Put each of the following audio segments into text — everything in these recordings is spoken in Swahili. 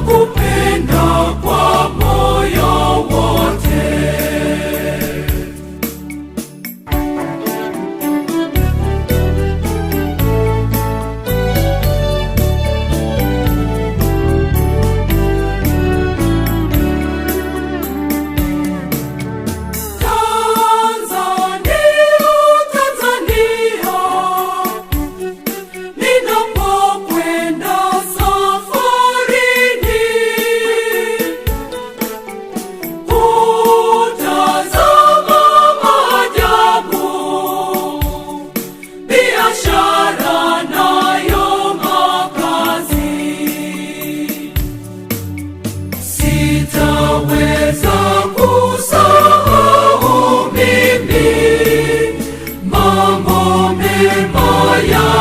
nakupenda моя.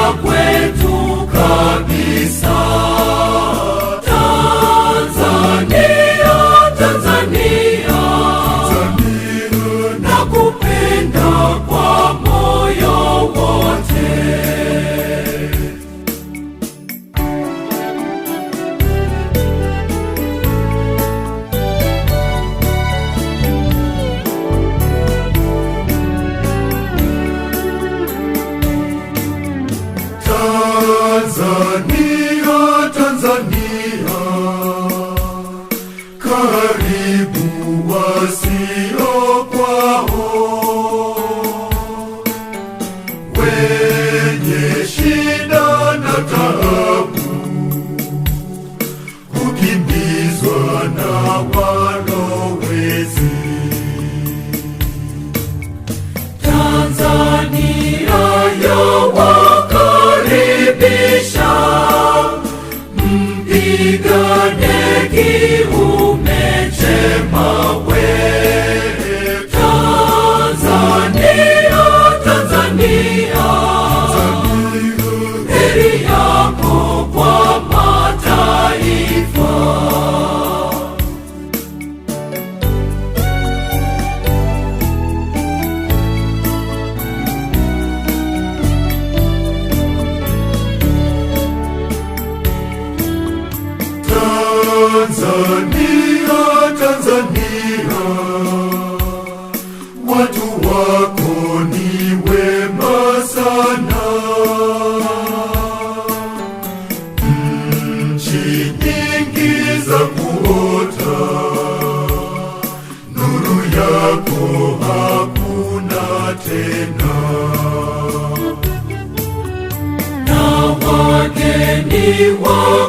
we won't.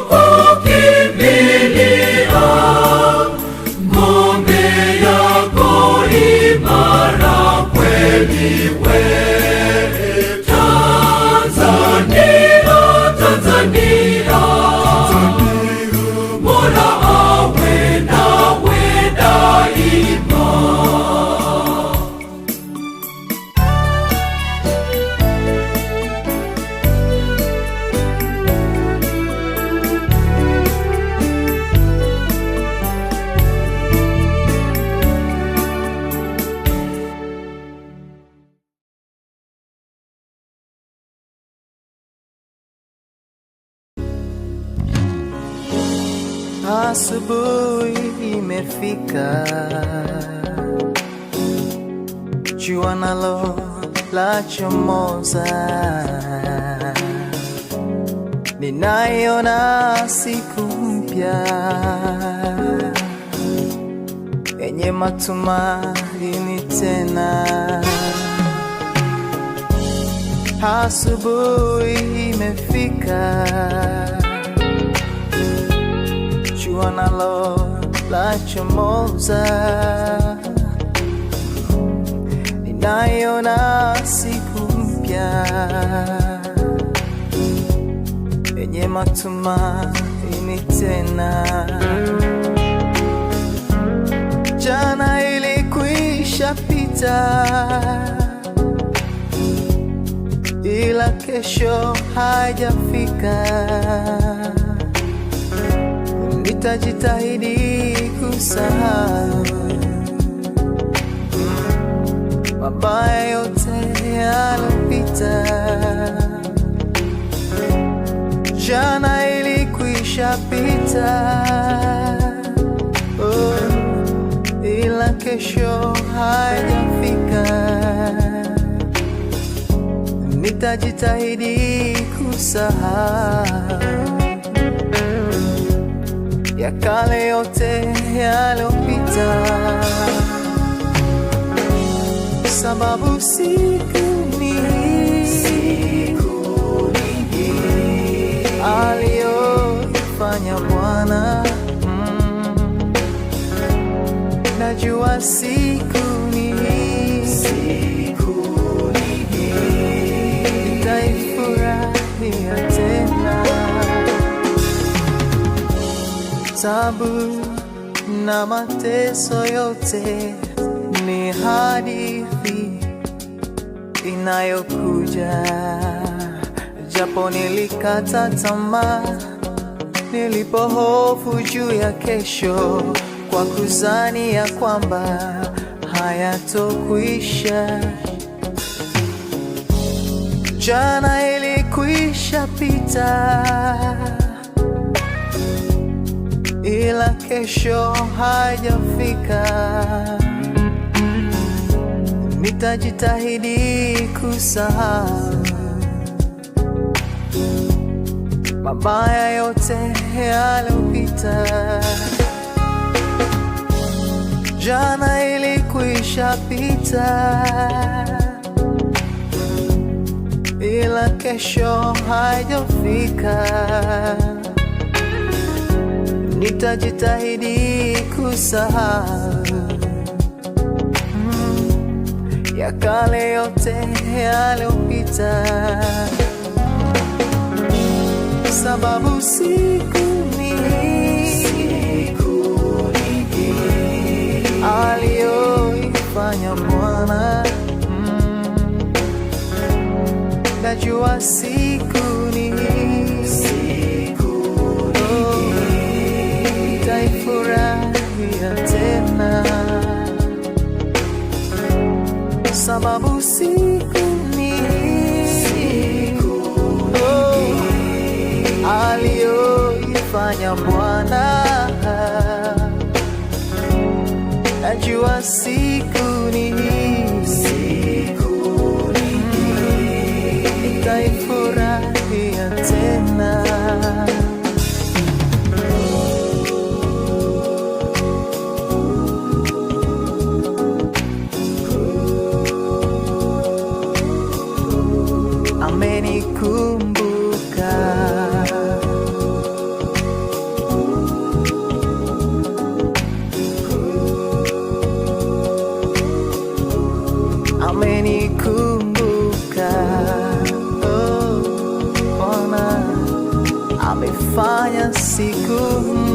Asubuhi imefika, jua nalo lachomoza, na siku mpya yenye matumaini tena. Asubuhi imefika inachomoza, ninaiona siku mpya yenye matumaini tena. Jana ilikwisha pita, ila kesho haijafika nitajitahidi kusahau mabaya yote yalopita. Jana ilikwisha pita, oh, ila kesho haijafika. Nitajitahidi kusahau ya kale yote yalopita, sababu si tabu na mateso yote ni hadithi inayokuja. Japo nilikata tamaa hofu juu ya kesho, kwa kuzani ya kwamba hayatokwisha. Jana ilikwisha pita ila kesho hajafika. Nitajitahidi kusahau mabaya yote yaliyopita. Jana ilikwisha pita, ila kesho haijafika nitajitahidi kusahau mm, ya kale yote yaliyopita, sababu siku mingi aliyoifanya Bwana mm, najua siku ulivyofanya Bwana, najua siku ni kasihku